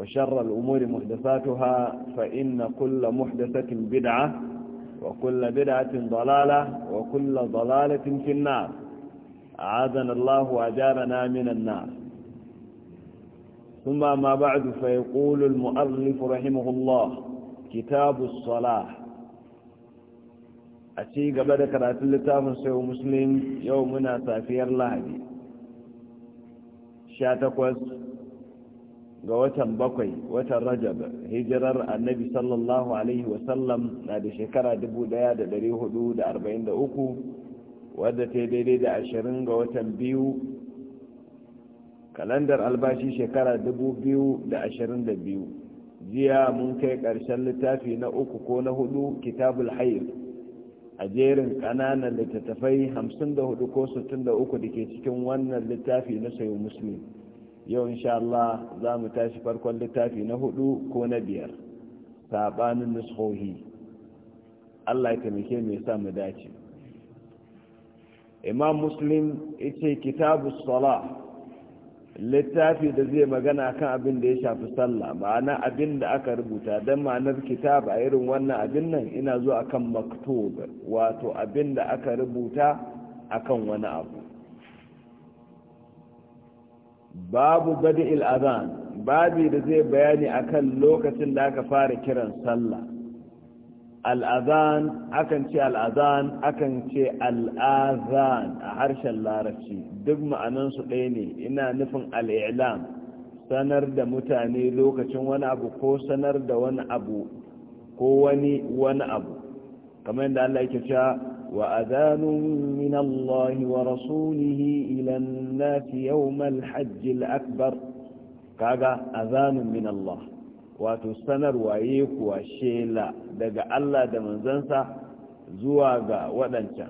وشر الأمور محدثاتها فإن كل محدثة بدعة وكل بدعة ضلالة وكل ضلالة في النار أعاذنا الله وأجارنا من النار ثم ما بعد فيقول المؤلف رحمه الله كتاب الصلاة أتي قبل كرات اللتاف سيو مسلم يومنا سافير لهدي شاتكوز ga watan bakwai watan rajab hijirar annabi sallallahu alaihi wasallam na da shekara 1443 wadda ta daidai da 20 ga watan biyu kalandar albashi shekara 2022 jiya mun kai karshen littafi na uku ko na hudu kitabul hayr a jerin kananan littattafai 54 ko 63 da ke cikin wannan littafi na sayo musulmi yau insha Allah za mu tashi farkon littafi na hudu ko na biyar sabanin nushohi Allah ya taimake mai yasa mu dace Imam Muslim yace kitabu sala littafi da zai magana kan abin da ya shafi sallah ma'ana abin da aka rubuta dan ma'anar kitab a irin wannan abin nan ina zuwa kan maktub wato abin da aka rubuta akan wani abu babu bada'il azan babi da zai bayani akan lokacin da aka fara kiran sallah al'azan akan ce al'azan akan ce al'azan a harshen larabci duk ma'anansu ɗaya ne ina nufin al'ilam sanar da mutane lokacin wani abu ko sanar da wani abu ko wani wani abu kamar yadda Allah yake cewa وأذان من الله ورسوله إلى الناس يوم الحج الأكبر كاغا أذان من الله وتستنر وإيك وشيلا دقى الله دمنزنسا زواغا ودنشا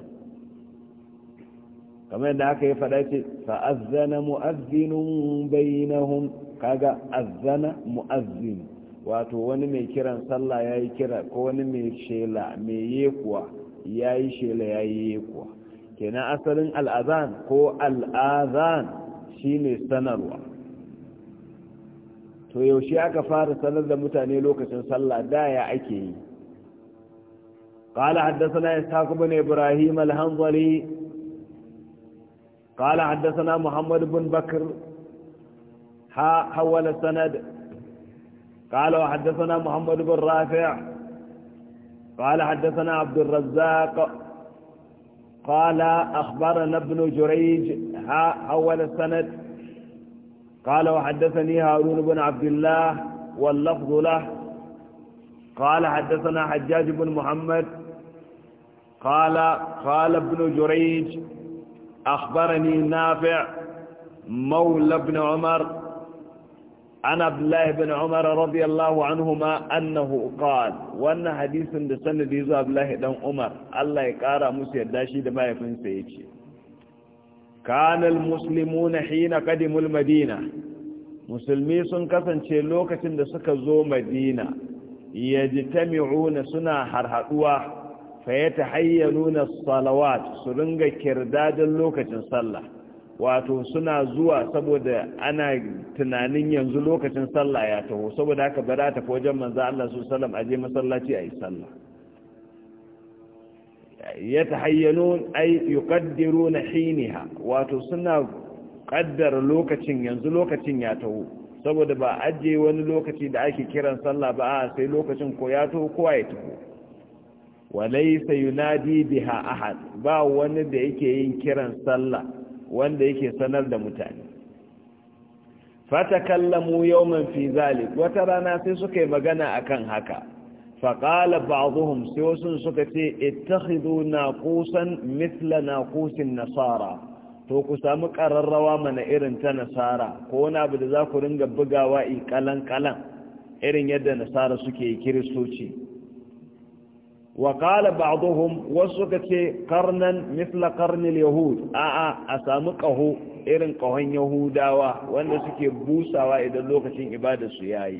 كما يدعك يفعلت فأذن مؤذن بينهم كاغا أذن مؤذن wato wani mai kiran sallah ya yi kira ko wani mai shela mai yekuwa ya yi shela ya yi kuwa kenan asalin al'azan ko al'azan shi ne sanarwa to yaushe aka fara sanar da mutane lokacin sallah daya ake yi ƙala haddasa ya bin ibrahim alhanzari ƙala haddasa na muhammad bin Bakr ha hawala sanad ƙala haddasa na muhammad bin rafi'a قال حدثنا عبد الرزاق قال أخبرنا ابن جريج ها أول السند قال وحدثني هارون بن عبد الله واللفظ له قال حدثنا حجاج بن محمد قال قال ابن جريج أخبرني نافع مولى ابن عمر عن عبد الله بن عمر رضي الله عنهما أنه قال وأن حديث دسن ديزو عبد الله بن عمر الله يقارى مسيح داشي دما يفن سيجي كان المسلمون حين قدموا المدينة musulmi sun kasance lokacin da suka zo madina ya ji tami'una suna harhaduwa fa ya ta hayyaluna salawat su ringa kirdadin lokacin sallah wato suna zuwa saboda ana tunanin yanzu lokacin sallah ya taho saboda haka za ta wajen manzo Allah su aje masallaci ayi sallah ya tahayyanu ay yuqaddiruna hinaha wato suna kaddar lokacin yanzu lokacin ya taho saboda ba aje wani lokaci da ake kiran sallah ba a sai lokacin ko ya taho ko ya taho walaysa yunadi biha ahad ba wani da yake yin kiran sallah wanda yake sanar da mutane fatakallamu yawman fi zalik wata rana sai suka yi magana akan haka Faƙala ba'dhum sai wasu suka ce ittakhidhu naqusan mithla naqusin nasara to ku samu ƙararrawa mana irin ta nasara ko wani abu da za ku ringa bugawa i kalan kalan irin yadda nasara suke kiristoci وقال بعضهم وسكت قرنا مثل قرن اليهود آآ أسامقه إرن قهن يهودا وأن سكي بوسا وإذا لوكة إبادة سياي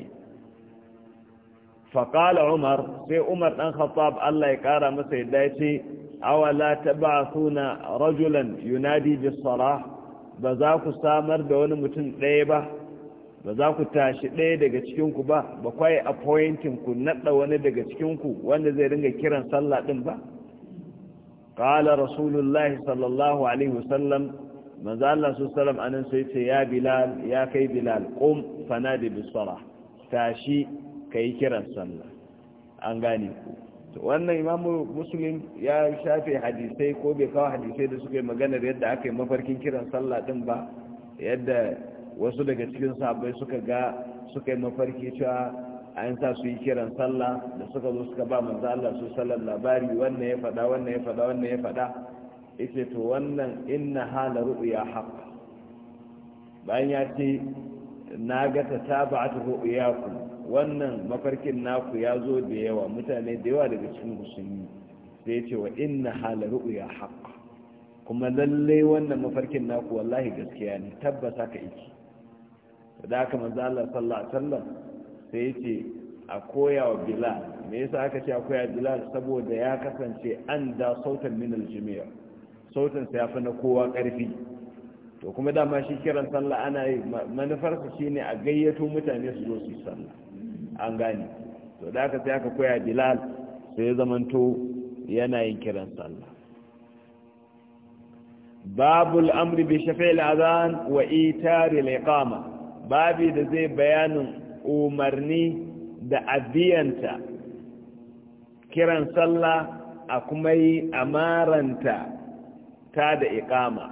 فقال عمر في عمر أن خطاب الله يكارى مسيداتي أولا تبعثون رجلا ينادي بالصلاة بذاك سامر دون متن قيبه ba za ku tashi ɗaya daga cikinku ba ba kwaye appointin ku naɗa wani daga cikinku wanda zai ringa kiran sallah ɗin ba ƙala rasulullahi sallallahu alaihi wasallam manzo Allah su salam anan sai ce ya bilal ya kai bilal qum fanadi bisala tashi kai kiran sallah an gane ku to wannan imamu muslim ya shafe hadisai ko bai kawo hadisai da suka yi da yadda aka yi mafarkin kiran sallah ɗin ba yadda wasu daga cikin sahabbai suka ga suka yi mafarki cewa an sa su yi kiran sallah da suka zo suka ba manzo Allah su sallan labari wannan ya faɗa wannan ya faɗa wannan ya faɗa yace to wannan inna hala ru'ya haqq bayan ya ce na ga ta tabatu ru'yakum wannan mafarkin naku ya zo da yawa mutane da yawa daga cikin musulmi sai yace ce wa inna hala ru'ya haqq kuma lallai wannan mafarkin naku wallahi gaskiya ne tabbata ka iki da aka manzo Allah sallallahu alaihi wasallam sai yace a koya wa bilal me yasa aka ce a koya bilal saboda ya kasance an da sautan min aljami'a sautan sa yafi na kowa karfi to kuma dama shi kiran sallah ana yi manufarsa shine a gayyato mutane su zo su sallah an gane to da aka sai aka koya bilal sai zamanto yana yin kiran sallah babul amri bi shafi'il adhan wa itari babi da zai bayanin umarni da abiyanta kiran sallah a kuma yi amaranta ta da ikama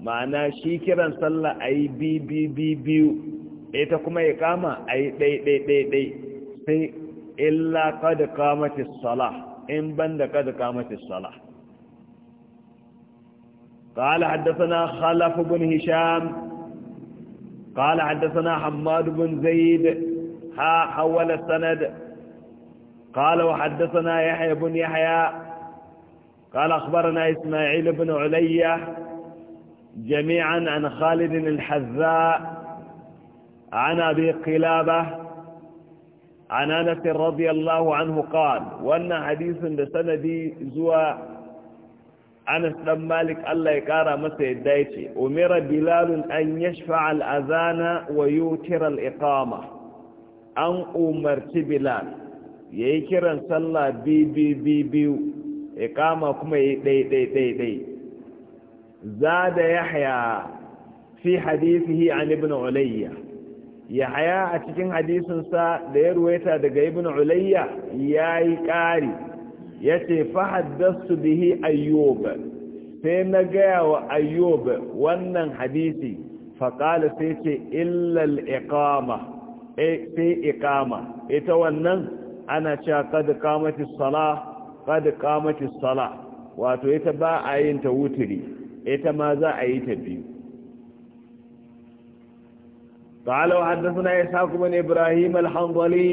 ma'ana shi kiran sallah a yi biyu ita kuma ikama a yi ɗaiɗaiɗaiɗai sai illa kada kamatis salah in banda kada kamatis salah قال حدثنا خلف بن هشام قال حدثنا حماد بن زيد ها حول السند قال وحدثنا يحيى بن يحيى قال أخبرنا إسماعيل بن علي جميعا عن خالد الحذاء عن أبي قلابة عن أنس رضي الله عنه قال وأن حديث بسندي زوى anas dan malik allah ya kara masa yadda ya ce umira bilalun an yashfa al'azana wa yutira al'iqama an umarci bilal ya yi kiran sallah biyu iqama kuma ya yi ɗaiɗaiɗaiɗai zada yahya fi hadisihi an ibn ulayya yahya a cikin hadisinsa da ya ruwaita daga ibn ulayya ya yi ƙari ya ce fahaddastu bihi ayyub sai na gaya wa ayyub wannan hadisi faƙala sai ce illal iqama eh, sai iqama ita wannan ana cewa kada qamati sala kada qamati sala wato ita ba a yin ta wuturi ita ma za a yi ta biyu قال وحدثنا إسحاق بن إبراهيم الحنظلي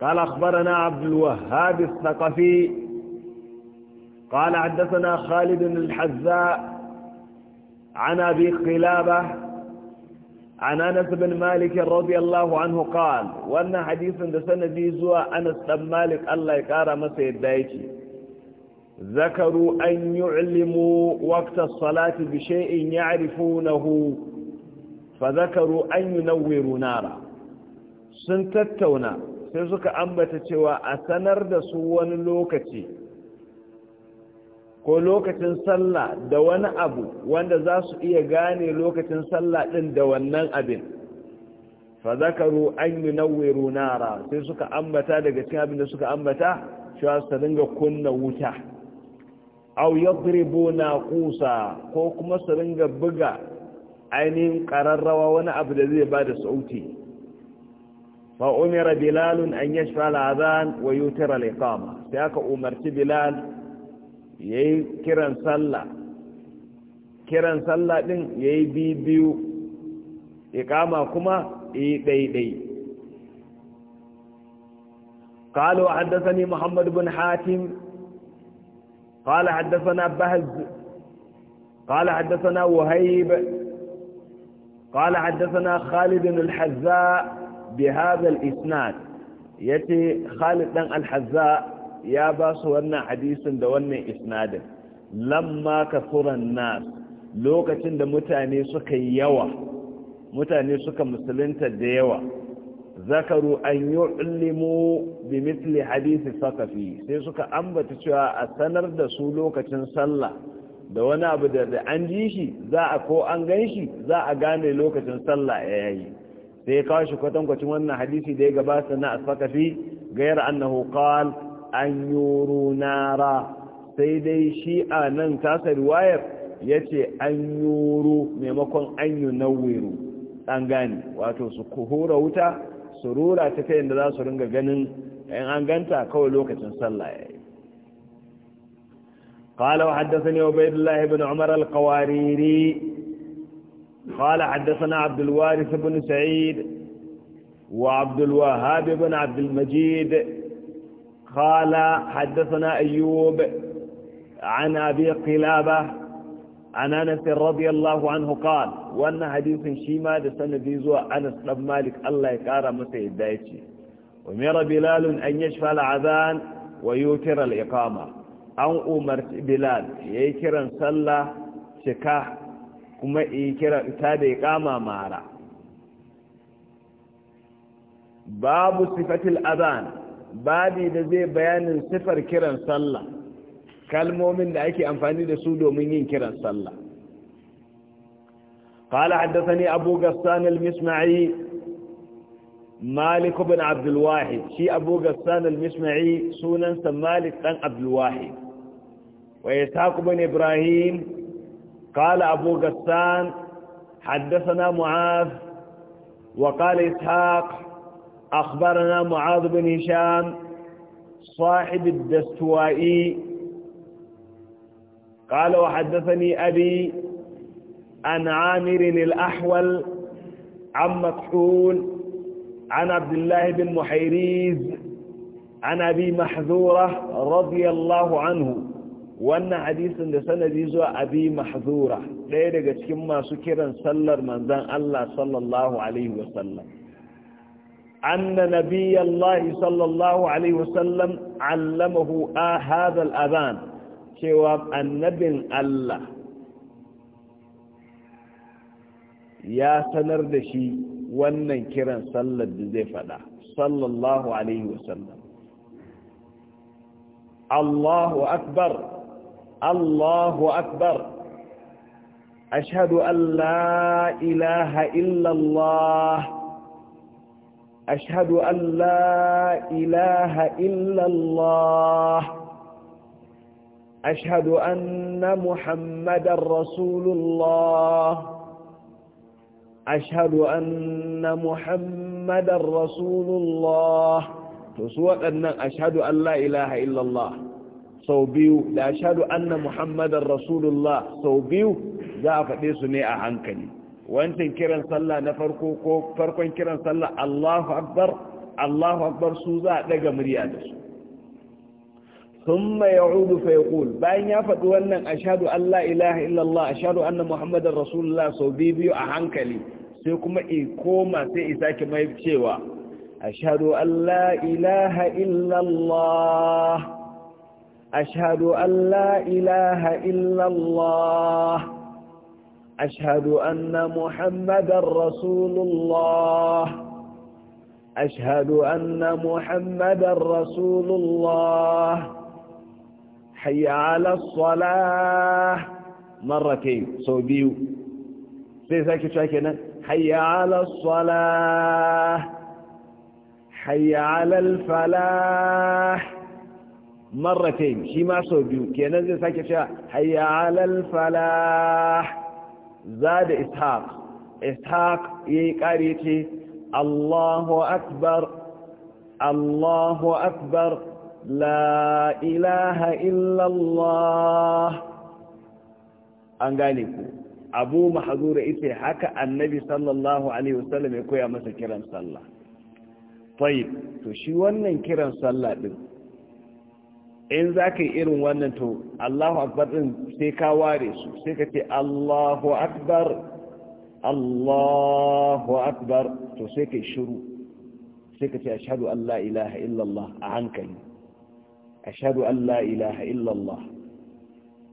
قال أخبرنا عبد الوهاب الثقفي قال حدثنا خالد الحزاء عن أبي قلابة عن أنس بن مالك رضي الله عنه قال وأن حديث دسنا ذي زوى أنس بن مالك الله يقارى مسيد دايتي ذكروا أن يعلموا وقت الصلاة بشيء يعرفونه فذكروا أن ينوروا نارا سنتتونا sai suka ambata cewa a sanar da su wani lokaci ko lokacin sallah da wani abu wanda za su iya gane lokacin sallah ɗin da wannan abin fa zakaru an yi nauwiru nara sai suka ambata daga cikin abin da suka ambata cewa su dinga kunna wuta au yadribu na kusa ko kuma su dinga buga ainihin ƙararrawa wani abu da zai ba da sauti فأمر بلال أن يشفع الأذان ويوتر الإقامة فأك أمرت بلال يي كيران صلى كيران صلى دين يي بي بيو إقامة كما إي دي دي قالوا حدثني محمد بن حاتم قال حدثنا بهز قال حدثنا وهيب قال حدثنا خالد الحذاء بهذا الإسناد يتي خالد بن الحذاء يا باس wannan hadisin da wannan isnadin Lamma كثر nas lokacin da mutane suka yawa mutane suka musulunta da yawa zakaru an yi ulimu bi mitli hadisi sakafi sai suka ambata cewa a sanar da su lokacin sallah da wani abu da an ji shi za a ko an gan shi za a gane lokacin sallah ya yayi sai ya kawo shi kwatankwacin wannan hadisi da ya gabata na asfakafi gayar annahu qal an yuru nara sai dai shi a nan tasa riwayar ya ce an yuru maimakon an yi nawiru ɗan gani wato su kuhura wuta su rura ta kayan da za su ringa ganin yan an ganta kawai lokacin sallah ya yi قال وحدثني عبيد الله بن عمر القواريري قال حدثنا عبد الوارث بن سعيد وعبد الوهاب بن عبد المجيد قال حدثنا أيوب عن أبي قلابة عن أنس رضي الله عنه قال وأن حديث شيما دسن ديزو أنس بن مالك الله يكار مسيح دايتي ومر بلال أن يشفى العذان ويوتر الإقامة أو أمر بلال يكرا صلى شكاح kuma in kira ta da kama mara babu sifatil Adhan, babi da zai bayanin sifar kiran sallah kalmomin da ake amfani da su domin yin kiran sallah قال حدثني أبو غسان المسمعي مالك بن عبد الواحد شي أبو غسان المسمعي سننس مالك بن عبد الواحد ويساق بن Ibrahim? قال أبو غسان حدثنا معاذ وقال إسحاق أخبرنا معاذ بن هشام صاحب الدستوائي قال وحدثني أبي عن عامر الأحول عن مكحول عن عبد الله بن محيريز عن أبي محذورة رضي الله عنه wannan hadisin da sanadi zuwa abi mahzura ɗaya daga cikin masu kiran sallar manzan Allah sallallahu alaihi wasallam anna nabiyallahi sallallahu alaihi wasallam allamahu a hadal azan cewa annabin Allah ya sanar da shi wannan kiran sallar da zai fada sallallahu alaihi wasallam Allahu akbar الله أكبر أشهد أن لا إله إلا الله أشهد أن لا إله إلا الله أشهد أن محمد رسول الله أشهد أن محمد رسول الله تسوى أن أشهد أن لا إله إلا الله sau biyu da ashadu anna muhammadan rasulullah sau biyu za a faɗe su ne a hankali wancan kiran sallah na farko ko farkon kiran sallah allahu akbar allahu akbar su za a ɗaga murya da su ثم ya فيقول باين يا wannan ashhadu an la ilaha illallah allah ashhadu anna muhammadar rasulullah sau biyu a hankali sai kuma i koma sai i sake mai cewa ashhadu an ilaha illallah. أشهد أن لا إله إلا الله أشهد أن محمد رسول الله أشهد أن محمد رسول الله حي على الصلاة مرتين صوبيو سيساكي شاكينا حي على الصلاة حي على الفلاح marratain shi ma sau biyu kenan zai sake cewa hayya alal falah zada ishaq ishaq yayi kare ce Allahu akbar Allahu akbar la ilaha illa Allah an gane ku abu mahzura ita haka annabi sallallahu alaihi wasallam ya koya masa kiran sallah tayyib to shi wannan kiran sallah din in za ka yi irin wannan to allahu akbar din sai ka ware su sai ka ce allahu akbar allahu akbar to sai ka yi shiru sai ka ce ashadu an la ilaha illallah a hankali ashadu an la ilaha illallah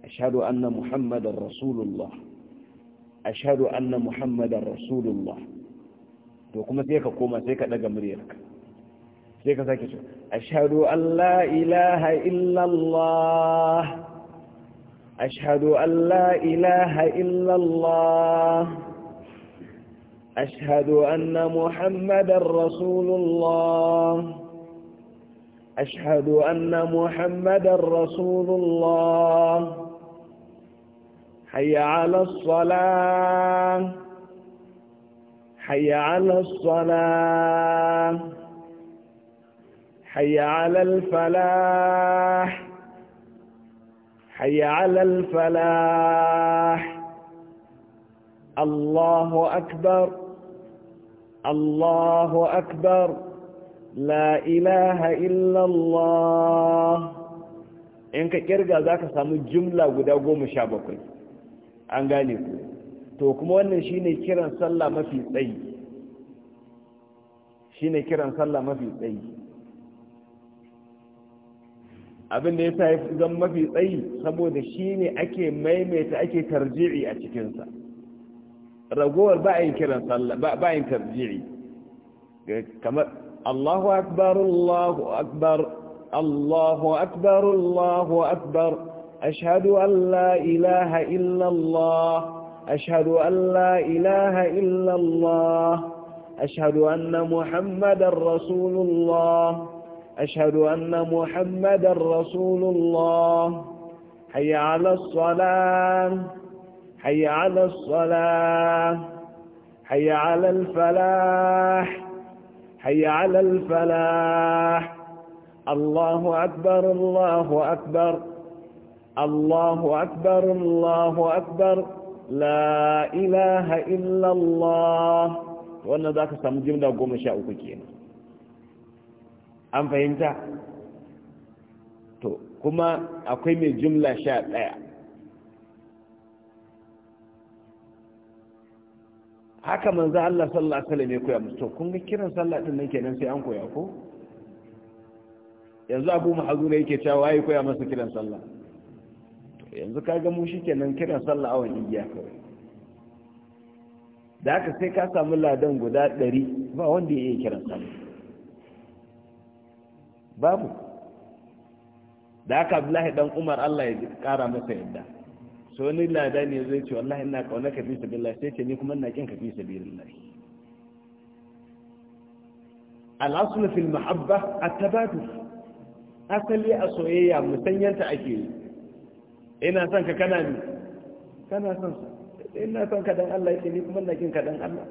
ashadu anna muhammadan rasulullah ashadu anna muhammadan rasulullah to kuma sai ka koma sai ka daga muryarka sai ka sake cewa أشهد أن لا إله إلا الله أشهد أن لا إله إلا الله أشهد أن محمد رسول الله أشهد أن محمد رسول الله حي على الصلاة حي على الصلاة حي على الفلاح حي على الفلاح الله أكبر الله أكبر لا إله إلا الله إنك كرغا ذاك سامو جملة ودا قوم شابكي أنغانيكو وانا شيني كيران صلى ما في mafi شيني كيران صلى ما في tsayi abin da ya sa ya zan mafi tsayi saboda shi ne ake maimaita ake tarji'i a cikinsa ragowar bayan kiran sallah bayan tarji'i kamar Allahu akbar Allahu akbar Allahu akbar Allahu akbar ashhadu an la ilaha illa Allah ashhadu an la ilaha illa Allah ashhadu anna muhammadar rasulullah أشهد أن محمدا رسول الله حي على الصلاة حي على الصلاة حي على الفلاح حي على الفلاح الله أكبر الله أكبر الله أكبر الله أكبر لا إله إلا الله وأن ذاك سمجم لو قوم شاء an fahimta to kuma akwai mai jumla sha ɗaya haka manzo Allah sallallahu alaihi wasallam ya koya mu to kun ga kiran sallah din nan kenan sai an koya ko yanzu Abu Mahzura yake cewa wai koya masa kiran sallah to yanzu kaga mu shikenan kiran sallah awan igiya kawai da haka sai ka samu ladan guda 100 ba wanda ya kiran sallah babu da aka abdullahi dan umar allah ya kara masa yadda so ni lada ne zai ce wallahi ina kauna ka fi sabilillah sai ce ni kuma ina kin ka fi sabilillah al'asul fil mahabba at-tabadu asali a soyayya musanyanta ake yi ina son ka kana ni kana son sa ina son ka dan Allah ce ni kuma ina kin ka dan Allah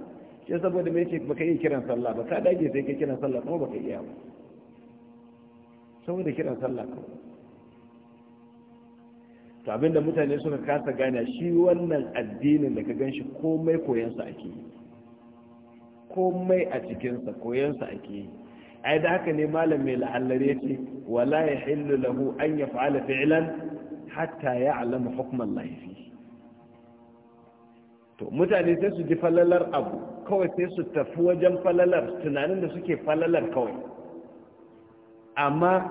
sai saboda me yake baka yi kiran sallah ba ka dage sai ka kiran sallah kuma baka iya ba saboda kiran sallah to abinda mutane suka kasa gane shi wannan addinin da ka ganshi shi komai koyansa ake yi komai a cikinsa koyansa ake yi ai da haka ne malam mai la'allare ya ce wala ya hillu lahu an ya fa'ala fi'lan hatta ya alama hukumar laifi to mutane sai su ji falalar abu kawai sai su tafi wajen falalar tunanin da suke falalar kawai amma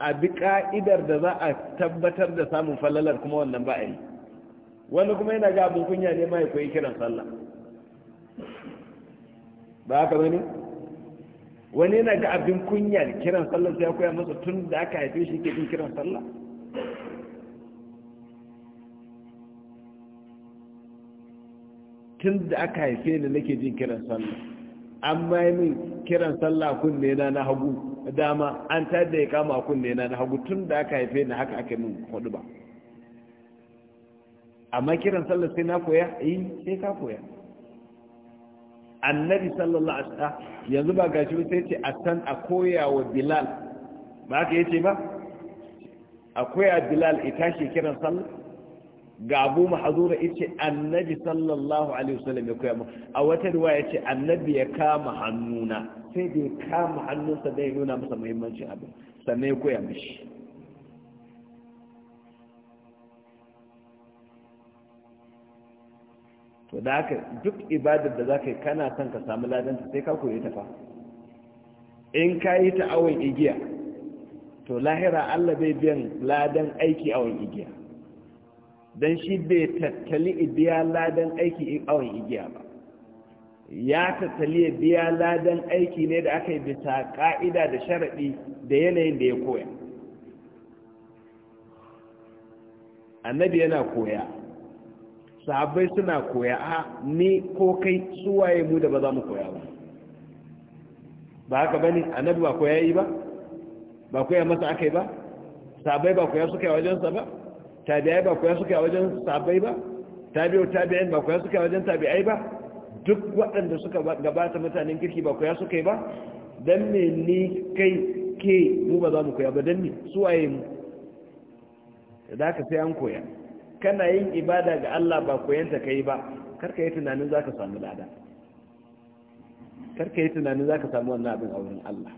a bi ka'idar da za a tabbatar da samun falalar kuma wannan ba a yi wani kuma yana ga abin kunya ne ma ya koyi kiran sallah ba haka bane wani yana ga abin kunya da kiran sallah sai ya koya masa tun da aka haife shi ke jin kiran sallah tun da aka haife ni nake jin kiran sallah an mai min kiran sallah kunne ne na hagu dama an ta da ya kama kunne na hagu tun da aka haife ni haka aka min hudu ba amma kiran sallar sai na koya yi eh, sai ka koya annabi sallallahu alaihi wasallam yanzu ba gashi ba sai ce a san a koya wa bilal ba haka yace ba a koya bilal ita tashi kiran sallar ga abu mahazura yace annabi sallallahu alaihi wasallam ya koya mu a wata riwaya yace annabi ya kama hannuna sai da ya kama hannunsa da ya nuna masa muhimmancin abin sannan ya koya mashi to da haka duk ibadar da za ka yi kana son ka samu ladanta sai ka koyi tafa. in ka yi ta awon igiya to lahira allah bai biyan ladan aiki awon igiya don shi bai tattali ibiya ladan aiki awon igiya ba ya tattali ya biya ladan aiki ne da aka yi bisa ƙa'ida da sharaɗi da yanayin da ya koya annabi yana koya sahabbai suna koya a ni ko kai suwaye mu da ba za mu koya ba ba haka ba ne annabi ba koya yi ba ba koya masa aka yi ba sahabbai ba koya suka yi wajensa ba tabi'ai ba koya suka yi wajen sahabbai ba tabi'u tabi'in ba koya suka yi wajen tabi'ai ba duk waɗanda suka gabata mutanen kirki ba koya suka yi ba don me ni kai ke mu ba za mu koya ba don me su waye mu da ka sai an koya kana yin ibada ga Allah ba koyanta kai ba karka yi tunanin za ka samu lada karka yi tunanin za ka samu wannan abin a wurin Allah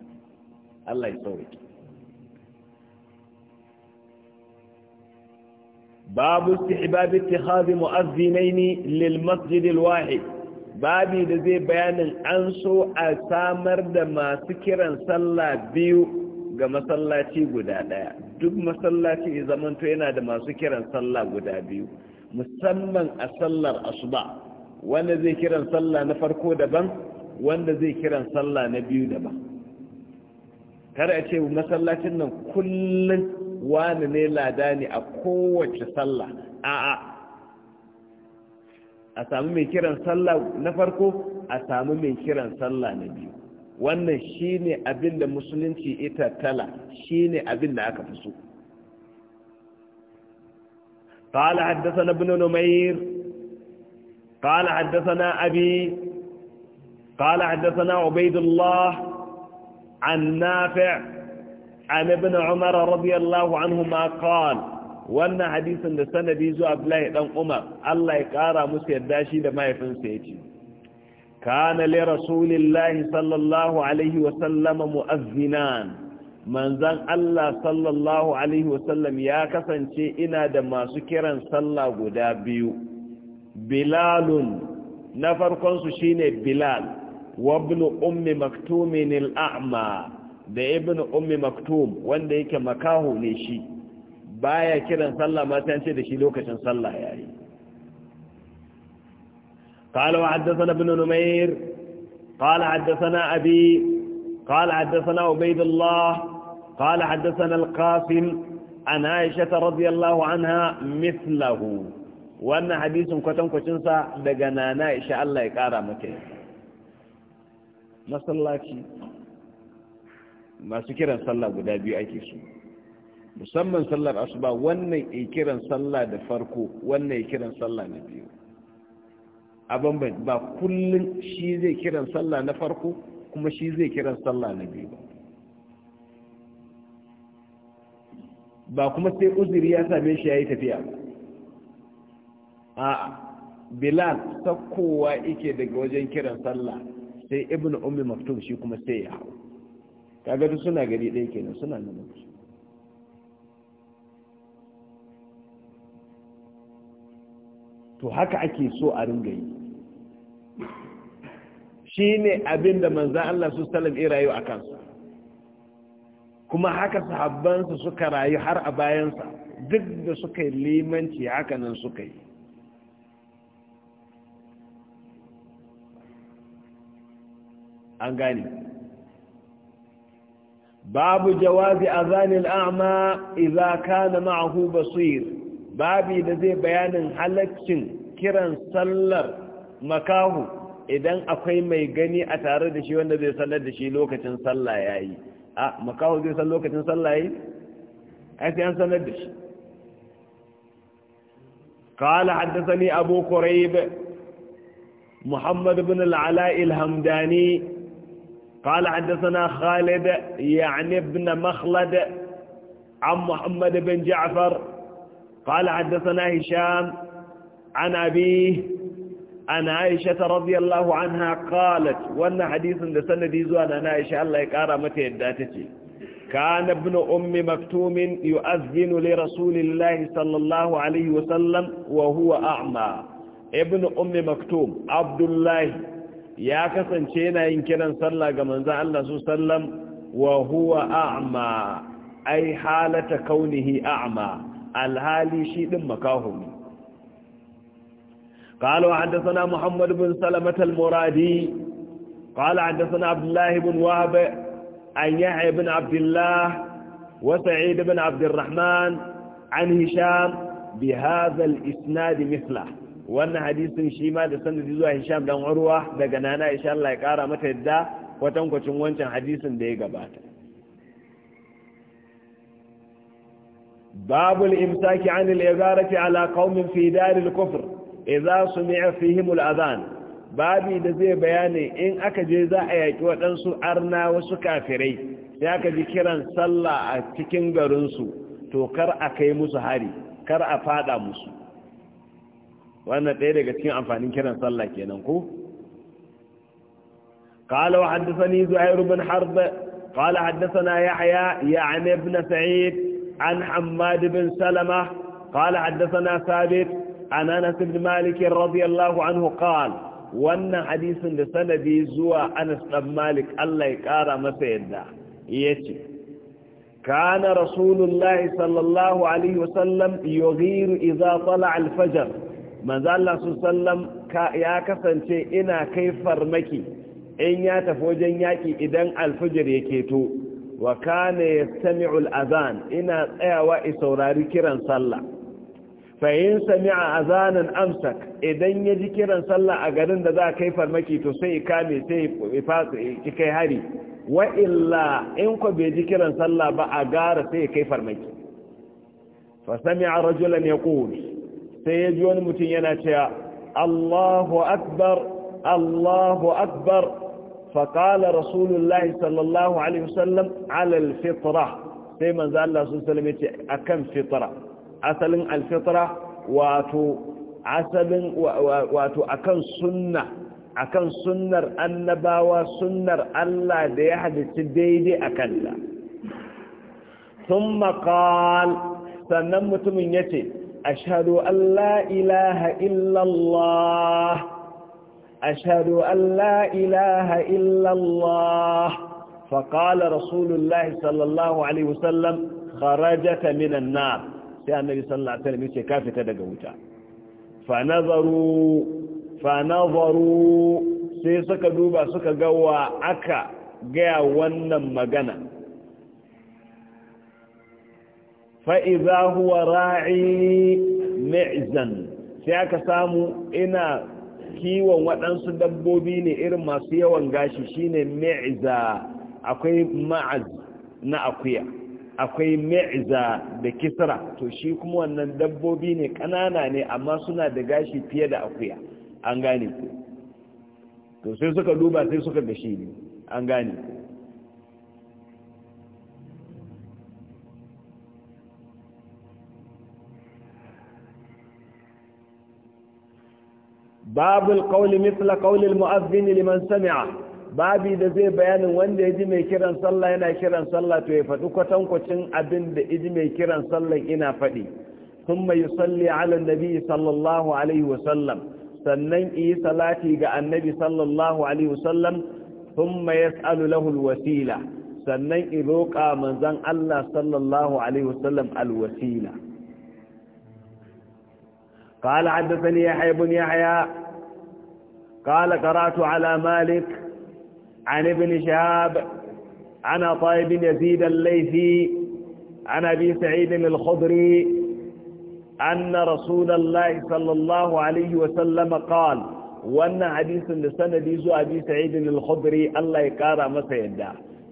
Allah ya sauraki babu istihbab ittikhadhi mu'azzinaini lil masjid al wahid babi da zai bayanin an so a samar da masu kiran sallah biyu ga masallaci guda daya duk masallaci zamanto yana da masu kiran sallah guda biyu musamman a sallar asuba wanda zai kiran sallah na farko daban wanda zai kiran sallah na biyu daban kada a ce masallacin nan kullum wani ne lada ne a kowace sallah a'a a samu mai kiran sallah na farko a samu mai kiran sallah na biyu wannan shine abin da musulunci ita tala shine abin da aka fi so قال حدثنا ابن نمير قال حدثنا أبي قال حدثنا عبيد الله عن نافع عن ابن عمر رضي الله عنهما قال wannan hadisin da sanadi zuwa Abdullahi dan Umar Allah ya kara musu yadda shi da mahaifinsa yake kana li rasulillahi sallallahu alaihi wa sallama mu'azzinan manzan Allah sallallahu alaihi wa sallam ya kasance ina da masu kiran sallah guda biyu bilalun na farkon su shine bilal wa ibn ummi maktumin al-a'ma da ibn ummi maktum wanda yake makaho ne shi baya kiran sallah mata yance da shi lokacin sallah yayi قال حدثنا ابن نمير قال حدثنا ابي قال حدثنا عبيد الله قال حدثنا القاسم عن عائشه رضي الله عنها مثله وان حديث كتم كتنسا daga nana aisha Allah ya kara maka masallaci masu kiran sallah guda biyu ake shi musamman sallar asuba wannan ya kiran sallah da farko wannan ya kiran sallah na biyu a bambam ba kullum shi zai kiran sallah na farko kuma shi zai kiran sallah na biyu ba kuma sai uzuri ya same shi ya yi tafiya ba a bilal sakowa ike daga wajen kiran sallah sai ibn ummi maftum shi kuma sai ya hau kagadu suna gari ɗaya kenan suna nan to haka ake so a ringa yi shi ne abin da manzan Allah su salam ya rayu a kansa kuma haka sahabbansa suka rayu har a bayansa duk da suka yi limanci haka nan suka yi an gane babu jawazi azanil a'ma iza kana ma'ahu basir babi da zai bayanin halaccin kiran sallar makahu idan akwai mai gani a tare da shi wanda zai sallar da shi lokacin sallah ya yi a makahu zai san lokacin sallah ya yi ai sai an sallar da shi قال حدثني أبو قريب محمد بن العلاء الهمداني قال حدثنا خالد يعني ابن مخلد عن محمد بن جعفر قال حدثنا هشام عن أبيه عن عائشة رضي الله عنها قالت وأن حديث لسندي زوان أنا عائشة الله يكارمتي الداتتي كان ابن أم مكتوم يؤذن لرسول الله صلى الله عليه وسلم وهو أعمى ابن أم مكتوم عبد الله يا كسن شينا إن كان صلى كمن زعل الله صلى وهو أعمى أي حالة كونه أعمى alhali shi din makaho ne قال وحدثنا محمد بن سلمة المرادي قال حدثنا عبد الله بن وهب عن يحيى بن عبد الله وسعيد بن عبد الرحمن عن هشام بهذا الإسناد مثله وأن حديث شيما لسند زوا هشام دان عروة دقنانا إن شاء الله يقارى متى الدا وتنكو تنوانشا حديث ديقباته باب الإمساك عن الإغارة على قوم في دار الكفر إذا سمع فيهم الأذان babi da zai bayani in aka je za a yaƙi waɗansu arna wasu kafirai sai aka ji kiran sallah a cikin garinsu to kar a kai musu hari kar a fada musu wannan ɗaya daga cikin amfanin kiran sallah kenan ko قال وحدثني زهير بن حرب قال حدثنا يحيى يعني ابن سعيد عن حماد بن سلمة قال حدثنا ثابت عن أنس بن مالك رضي الله عنه قال وأن حديث لسندي زوى أنس بن مالك الله يكارى مسيدا يتي كان رسول الله صلى الله عليه وسلم يغير إذا طلع الفجر manzo Allah sallam ya kasance ina kai farmaki in ya tafi wajen yaki idan alfijir ya keto wa kana ya al-adhan ina tsayawa i saurari kiran sallah fa in sami'a azanan amsak idan ya ji kiran sallah a garin da za kai farmaki to sai kame sai ki kai hari wa illa in ko bai ji kiran sallah ba a gara sai kai farmaki fa sami'a rajulan yaqul sai ya ji wani mutum yana cewa Allahu akbar Allahu akbar faƙala rasulullahi sallallahu alaihi wasallam alal fitra sai manzo Allah fitra asalin alfitra wato asalin wato akan sunna akan sunnar annabawa sunnar Allah da ya hadici daidai akan ta thumma qal sannan mutumin yace ashhadu an la ilaha illallah أشهد أن لا إله إلا الله فقال رسول الله صلى الله عليه وسلم خرجت من النار سيئا النبي صلى الله عليه وسلم يتي كافي تدقوتا فنظروا فنظروا sai suka duba suka ga wa aka gaya wannan magana fa'iza huwa ra'i mi'zan sai aka samu ina kiwon waɗansu dabbobi ne irin masu yawan gashi shine ma'iza akwai ma'az na akuya akwai ma'iza da kisra to shi kuma wannan dabbobi ne ƙanana ne amma suna da gashi fiye da akuya an gane to sai suka duba sai suka gashi ne an gane ku babul qawli mithla qawli al-mu'adhdhin liman sami'a babi da zai bayanin wanda ya ji mai kiran sallah yana kiran sallah to ya faɗi kwatankwacin abin da ya mai kiran sallah ina faɗi sun mai salli ala nabi sallallahu alaihi wasallam sannan yi salati ga annabi sallallahu alaihi wasallam sun mai yas'alu lahul wasila sannan in roƙa manzan Allah sallallahu alaihi wasallam alwasila قال حدثني يحيى بن يحيى قال قرأت على مالك عن ابن شهاب عن طيب يزيد الليثي عن أبي سعيد الخضري أن رسول الله صلى الله عليه وسلم قال وأن حديث لسنة ديزو أبي سعيد الخضري الله يكارى مسيدا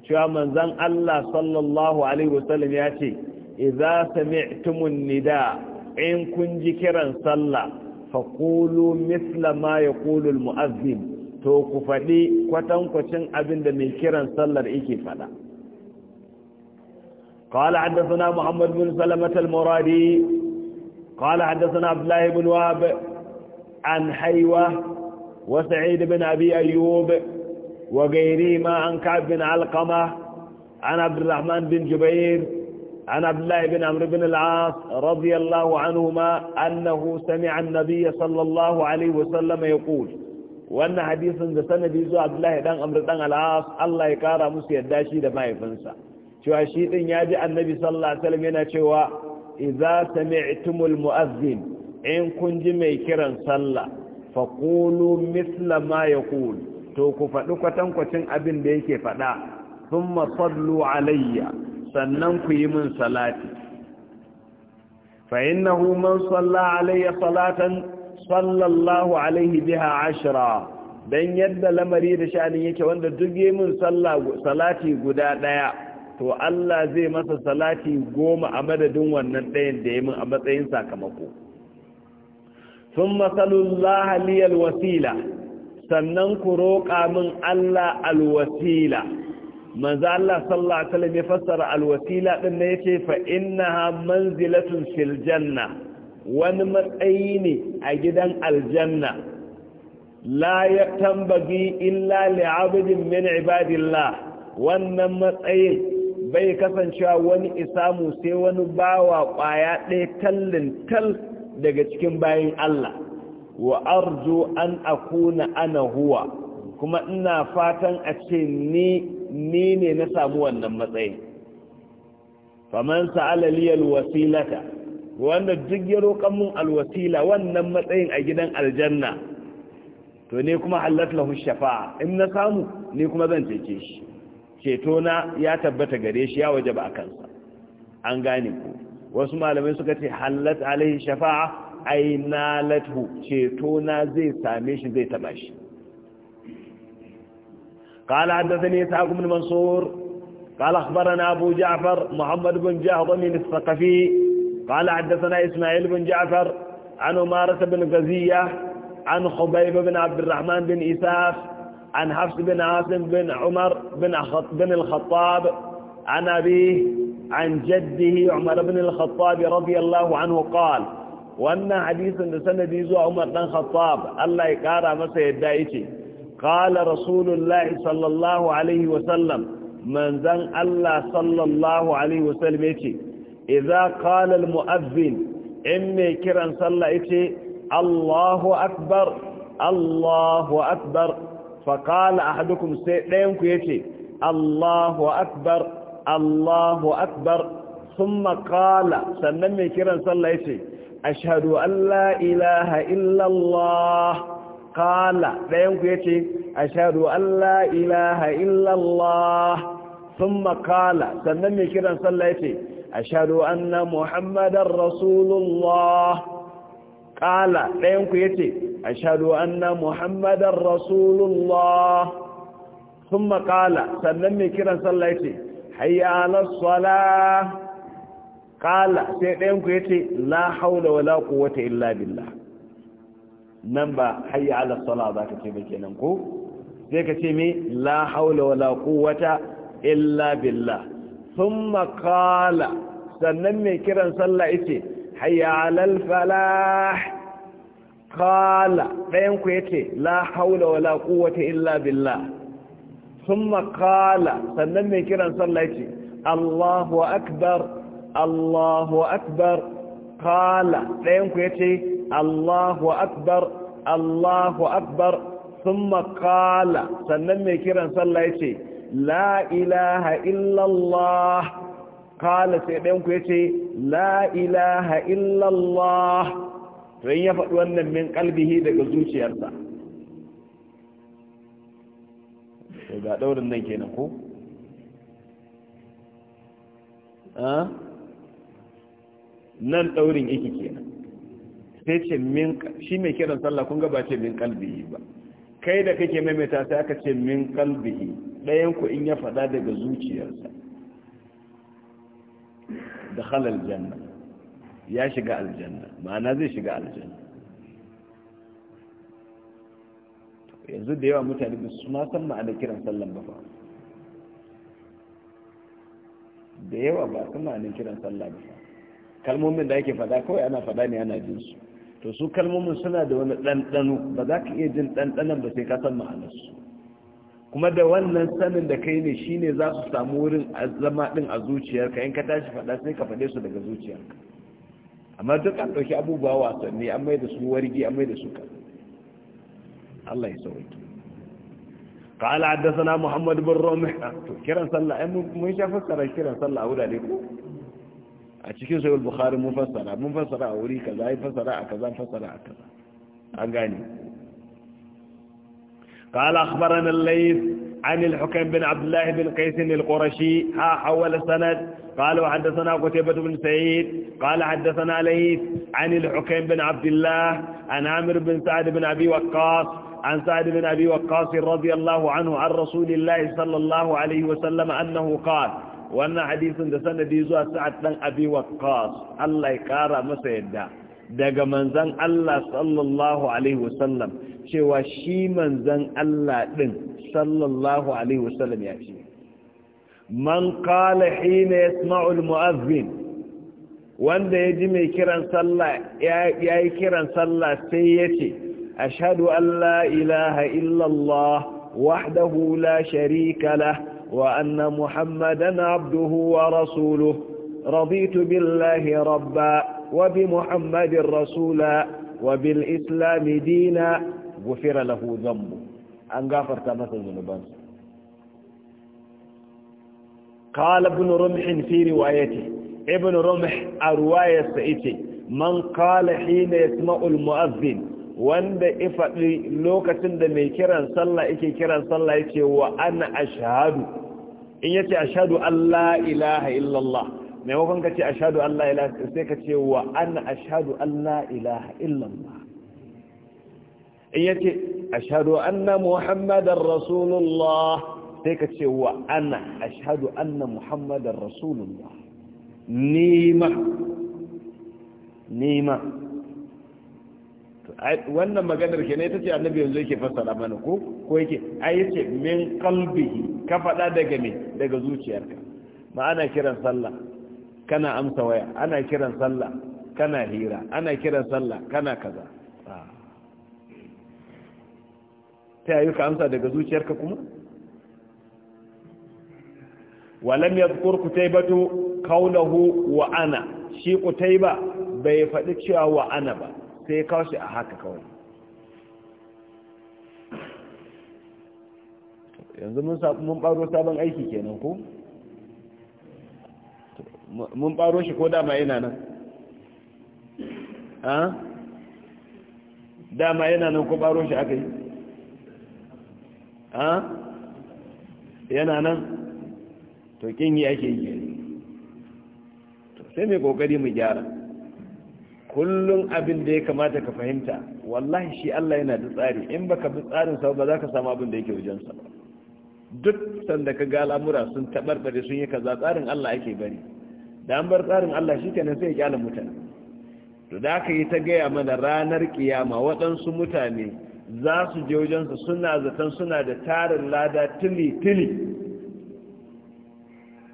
شو من زن الله صلى الله عليه وسلم يأتي إذا سمعتم النداء إن كن جكرا صلى faƙulu مثل ma ya المؤذن mu'azzin to ku faɗi kwatankwacin abin da mai kiran sallar yake faɗa قال حدثنا محمد بن سلمة المرادي قال حدثنا عبد الله بن واب عن حيوة وسعيد بن أبي أيوب وغيرهما عن كعب بن علقمة عن عبد الرحمن بن جبير عن عبد الله بن عمرو بن العاص رضي الله عنهما أنه سمع النبي صلى الله عليه وسلم يقول وأن حديث دسنا بيزو عبد الله بن عمرو بن العاص الله يكارى مسي الداشي دما يفنسا شو أشيط ياجي النبي صلى الله عليه وسلم ينا شوى إذا سمعتم المؤذن إن كنت ميكرا صلى فقولوا مثل ما يقول توقف لكتنكتن أبن بيكي فدا ثم صلوا عليّ sannan ku yi min salati fa innahu man salla alayya salatan sallallahu alayhi biha ashra dan yadda lamari da sha'anin yake wanda duk yi min salati guda daya to Allah zai masa salati goma a madadin wannan dayan da ya min a matsayin sakamako Sun صلوا liyal wasila sannan ku roƙa min Allah alwasila manzo Allah sallallahu alaihi wasallam ya fassara alwasila din ne yace fa innaha manzilatun fil janna wani matsayi ne a gidan aljanna la yaktambagi illa li'abdin min ibadillah wannan matsayin bai kasancewa wani isamu sai wani bawa kwaya ɗaya tallin tal daga cikin bayan Allah wa arju an akuna ana huwa kuma ina fatan a ce ni ni ne na samu wannan matsayin faman sa'ala liyal wasilata wanda duk ya roƙan mun alwasila wannan matsayin a gidan aljanna to ne kuma hallat lahu shafa'a in na samu ni kuma zan cece shi ceto na ya tabbata gare shi ya waje a kansa an gane ku wasu malamai suka ce hallat alaihi shafa'a ai Latu? ceto na zai same shi zai taba shi قال حدثني إسحاق بن منصور قال أخبرنا أبو جعفر محمد بن جهضم الثقفي قال حدثنا إسماعيل بن جعفر عن أمارة بن غزية عن خبيب بن عبد الرحمن بن إساف عن حفص بن عاصم بن عمر بن, بن الخطاب عن أبيه عن جده عمر بن الخطاب رضي الله عنه قال وأن حديث سند عمر بن الخطاب الله يقارى ما يدائي قال رسول الله صلى الله عليه وسلم من ذن الله صلى الله عليه وسلم يتي إذا قال المؤذن إمي كرا صلى يتي الله أكبر الله أكبر فقال أحدكم سيئنك يتي الله أكبر الله أكبر ثم قال سنمي كرا صلى يتي أشهد أن لا إله إلا الله kala ɗayanku ya ce a shaɗu Allah ilaha illallah sun makala sannan mai kiran sallah ya ce a shaɗu anna muhammadar rasulullah kala ɗayanku ya ce a shaɗu anna muhammadar rasulullah sun makala sannan mai kiran sallah ya ce hayyalar sala kala sai ɗayanku ya ce la haula wa la illa billah nan ba hayya ala sala za ka ce ba kenan ko sai ka ce me la haula wala quwwata illa billah thumma qala sannan mai kiran sallah yace hayya ala falah qala dayan ku yace la haula wala quwwata illa billah thumma qala sannan mai kiran sallah yace Allahu akbar Allahu akbar qala dayan ku yace Allahu akbar Allahu akbar sun qala sannan mai kiran sallah yace la ilaha illallah qala sai ɗan ku ce la ilaha illallah to ya faɗi wannan min kalbihi daga zuciyarsa to ga daurin nan kenan ko ah? nan daurin yake kenan sai ce min shi mai kiran sallah kun ga ba ce min kalbihi ba kai da kake maimaita sai aka ce min kalbihi ɗayan ku in ya faɗa daga zuciyarsa da halal janna ya shiga aljanna ma'ana zai shiga aljanna yanzu da yawa mutane ba su ma san ma'anar kiran sallan ba fa da yawa ba su ma'anar kiran sallah ba kalmomin da ake fada kawai ana fada ne ana jinsu su to su kalmomin suna da wani ɗanɗano ba za ka iya jin ɗanɗanon ba sai ka san ma'anarsu kuma da wannan sanin da kai ne shi ne za su samu wurin zama ɗin a zuciyarka in ka tashi faɗa sai ka faɗe su daga zuciyarka amma duk an ɗauki abubuwa wasanni an mai da su wargi an mai da su kan Allah ya sauwaito قال حدثنا محمد بن رمح كيران صلى mun sha fassara kiran sallah a wurare ko a cikin sayar bukhari mun fassara mun fassara a wuri kaza yi fassara a kaza fassara a kaza an gane قال أخبرنا الليث عن الحكم بن عبد الله بن قيس القرشي ها حول السند قال وحدثنا قتيبة بن سعيد قال حدثنا ليث عن الحكم بن عبد الله عن عامر بن سعد بن أبي وقاص عن سعد بن أبي وقاص رضي الله عنه عن رسول الله صلى الله عليه وسلم أنه قال wannan hadisin da sanadi zuwa sa'ad dan abi waqqas Allah ya kara masa yadda daga manzon Allah sallallahu alaihi wasallam cewa shi manzon Allah din sallallahu alaihi wasallam ya ce man qala hina yasma'u al-mu'adhdhin wanda yaji mai kiran sallah yayi kiran sallah sai yace ashhadu an la ilaha illa Allah wahdahu la sharika lahu وأن محمدا عبده ورسوله رضيت بالله ربا وبمحمد رسولا وبالإسلام دينا غفر له ذنبه أن غفر تمثل ذنبان قال ابن رمح في روايته ابن رمح الرواية سئتي من قال حين يسمع المؤذن wanda ifaɗi lokacin da mai kiran sallah yake kiran sallah yake wa ana ashadu in yace ashadu Allah ilaha illallah maimakon ka ce ashhadu Allah ilaha sai kace wa ana ashadu Allah ilaha illallah in yace ashadu anna muhammadar rasulullah sai kace wa ana ashhadu anna muhammadar rasulullah nima nima wannan maganar ke ne ta ce annabi yanzu yake fassara mana ko ko yake ai yace min qalbihi ka faɗa daga me daga zuciyarka ma ana kiran sallah kana amsa waya ana kiran sallah kana hira ana kiran sallah kana kaza ah. ta yi ka amsa daga zuciyarka kuma walam yadhkur kutaybatu qawluhu wa ana shi kutayba bai faɗi cewa wa ana ba sai ya kawo shi a haka kawai yanzu mun ɓaro sabon aiki kenan ko mun ɓaro shi ko dama yana nan ha dama yana nan ko ɓaro shi aka yi ha yana nan to kin yi ake yi sai mai kokari mu gyara kullum abin da ya kamata ka fahimta wallahi shi Allah yana da tsari in baka bi tsarin sa ba za ka samu abin da yake wajen sa duk sanda ka ga al'amura sun tabarbare sun yi kaza tsarin Allah ake bari da an bar tsarin Allah shikenan sai ya kyale mutane to da aka yi ta gaya mana ranar kiyama waɗansu mutane za su je wajensa suna zaton suna da tarin lada tili-tili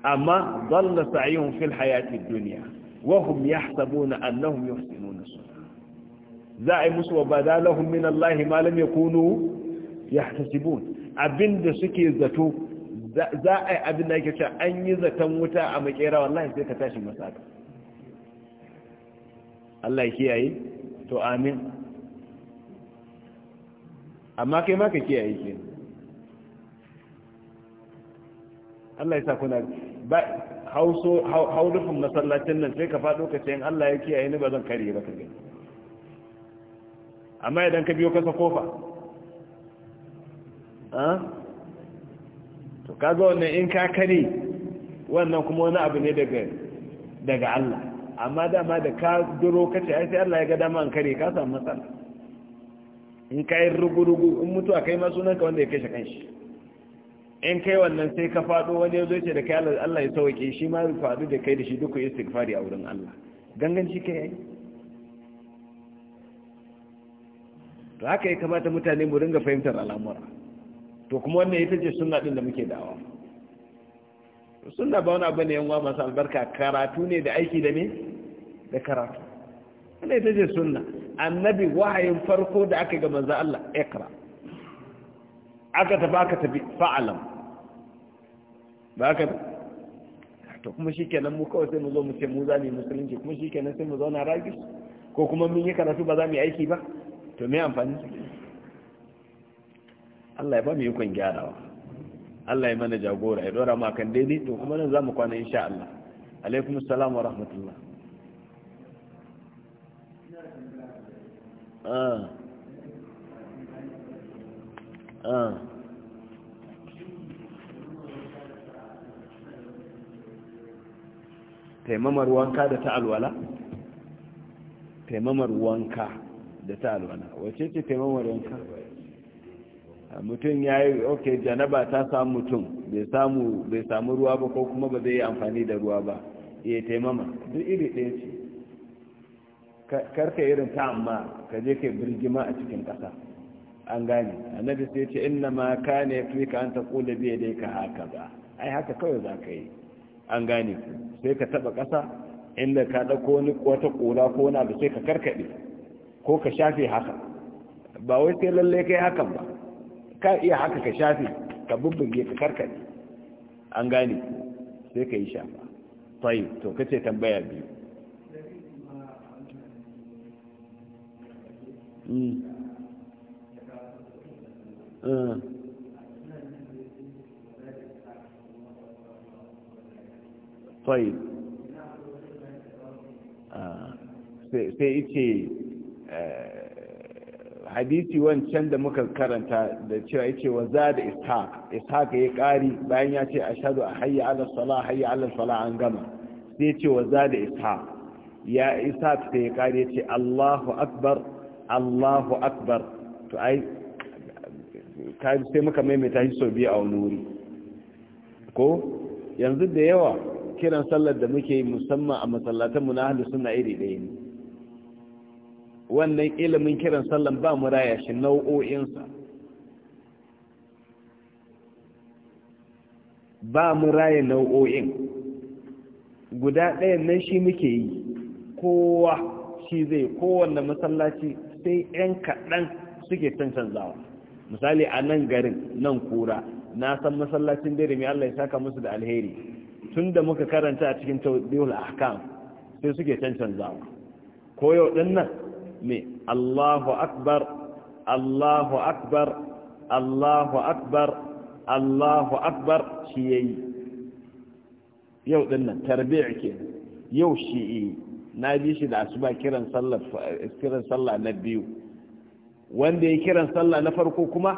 amma dalla sa'ihum fil hayati duniya wahum yahsabuna annahum yuhsinuna za a yi musu wa badalahum min Allah ma lam abinda suke zato za a yi abin da yake an yi zaton wuta a makera wallahi sai ka tashi masaka Allah ya kiyaye to amin amma kai ma ka kiyaye ke Allah ya sa kuna hau rufin masallacin nan sai ka faɗo ka ce in Allah ya kiyaye ni ba zan kare ba ka gani amma idan ka biyo kasa kofa to zo wannan in ka kare wannan kuma wani abu ne daga Allah amma dama da ka duro ce ai sai Allah ya ga dama an kare ka samu matsala in ka yi rugu-rugu in mutuwa kai ma ka wanda ya kashe kanshi in kai wannan sai ka faɗo wani ya zo ce da kai Allah ya sauke shi ma faɗo da kai da shi duka istighfari a wurin Allah gangan shi kai to haka ya kamata mutane mu ringa fahimtar al'amura to kuma wannan ita ce sunna din da muke dawa sunna ba wani abu ne yanwa masu albarka karatu ne da aiki da me da karatu wannan ita ce sunna annabi wahayin farko da aka ga manzo Allah ikra aka tafi aka tafi fa'alam ba haka to kuma kenan mu kawai sai mu zo mu ce mu za mu yi musulunci kuma shi kenan sai mu zauna ragis ko kuma mun yi karatu ba za mu yi aiki ba to me amfani Allah ya ba mu yi kun gyarawa Allah ya mana jagora ya dora ma kan daidai to kuma nan za mu kwana insha Allah alaikum assalam wa rahmatullah ah ah taimamar wanka da ta alwala taimamar wanka da ta alwala wace ce taimamar wanka mutum ya yi ok janaba ta samu mutum bai samu ruwa ba ko kuma ba zai yi amfani da ruwa ba iya taimama duk iri ɗaya ce karka irin ta amma ka je ka birgima a cikin ƙasa an gane annabi sai ce ina ma ka ne fi ka an ta ƙula biya dai ka haka ba ai haka kawai za ka yi an gane ku sai ka taba ƙasa inda ka ɗauko wani wata ƙura ko wani abu sai ka karkaɗe ko ka shafe haka ba wai sai lallai kai hakan ba ka iya haka ka shafe ka bubbuge ka karkaɗe an gane ku sai ka yi shafa tsayi to ka ce tambaya biyu Mm. Uh. طيب sai ce hadisi wancan da muka karanta da cewa yace wa za da ishaq ishaq ya kari bayan ya ce a shaɗu a hayya ala sala hayya ala sala an gama sai ce wa za da ishaq ya ishaq sai ya kari ce Allahu akbar Allahu akbar to ai sai muka maimaita shi sau biyu a wani wuri ko yanzu da yawa kiran sallar da muke yi musamman a masallatanmu na ahlus sunna iri ɗaya ne wannan ilimin kiran sallar ba mu raya shi nau'o'insa ba mu raya nau'o'in guda ɗayan nan shi muke yi kowa shi zai kowanne masallaci sai 'yan kaɗan suke canzawa misali a nan garin nan kura na san masallacin dare mai Allah ya saka musu da alheri tun da muka karanta a cikin tawdihul ahkam sai suke cancanzawa ko yau din nan me Allahu akbar Allahu akbar Allahu akbar Allahu akbar shi yayi yau din nan tarbiya ke yau shi yi na bi shi da asuba kiran kiran sallah na biyu wanda ya kiran sallah na farko kuma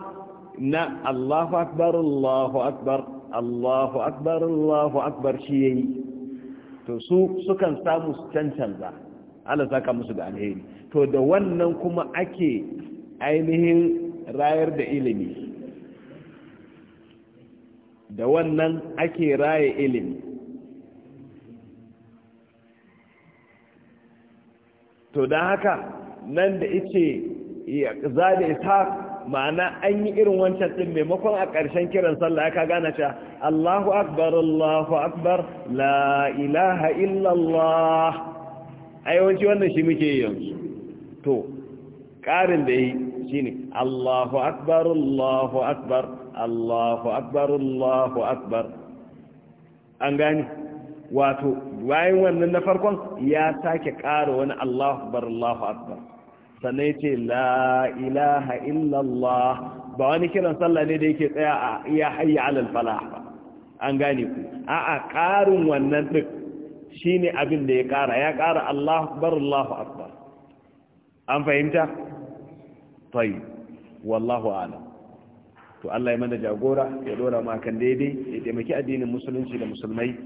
na Allahu akbar Allahu akbar Allahu akbar Allahu akbar shi yayi to su sukan samu cancanza Allah saka musu da alheri to da wannan kuma ake ainihin rayar da ilimi da wannan ake raye ilimi to da haka nan da ice zabe ta. ma'ana an yi irin wancan ɗin maimakon a ƙarshen kiran sallah aka gane cewa Allahu akbar Allahu akbar la ilaha illallah ai wannan shi muke yanzu to ƙarin da yi shi ne Allahu akbar Allahu akbar Allahu akbar Allahu akbar an gani wato bayan wannan na farkon ya sake ƙara wani Allahu akbar Allahu akbar sannan yace la ilaha illallah ba wani kiran sallah ne da yake tsaya a iya hayya alal falah an gane ku a'a karin wannan duk shine abin da ya kara ya kara Allahu akbar Allahu akbar an fahimta tayyib wallahu a'lam to Allah ya mana jagora ya dora ma kan daidai ya taimaki addinin musulunci da musulmai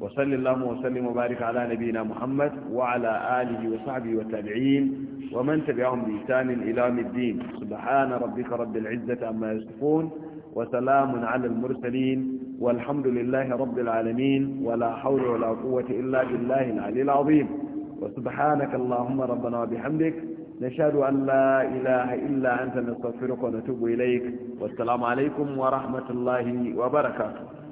وصل اللهم وسلم وبارك على نبينا محمد وعلى آله وصحبه والتابعين ومن تبعهم بإحسان إلى يوم الدين سبحان ربك رب العزة عما يصفون وسلام على المرسلين والحمد لله رب العالمين ولا حول ولا قوة إلا بالله العلي العظيم وسبحانك اللهم ربنا وبحمدك نشهد أن لا إله إلا أنت نستغفرك ونتوب إليك والسلام عليكم ورحمة الله وبركاته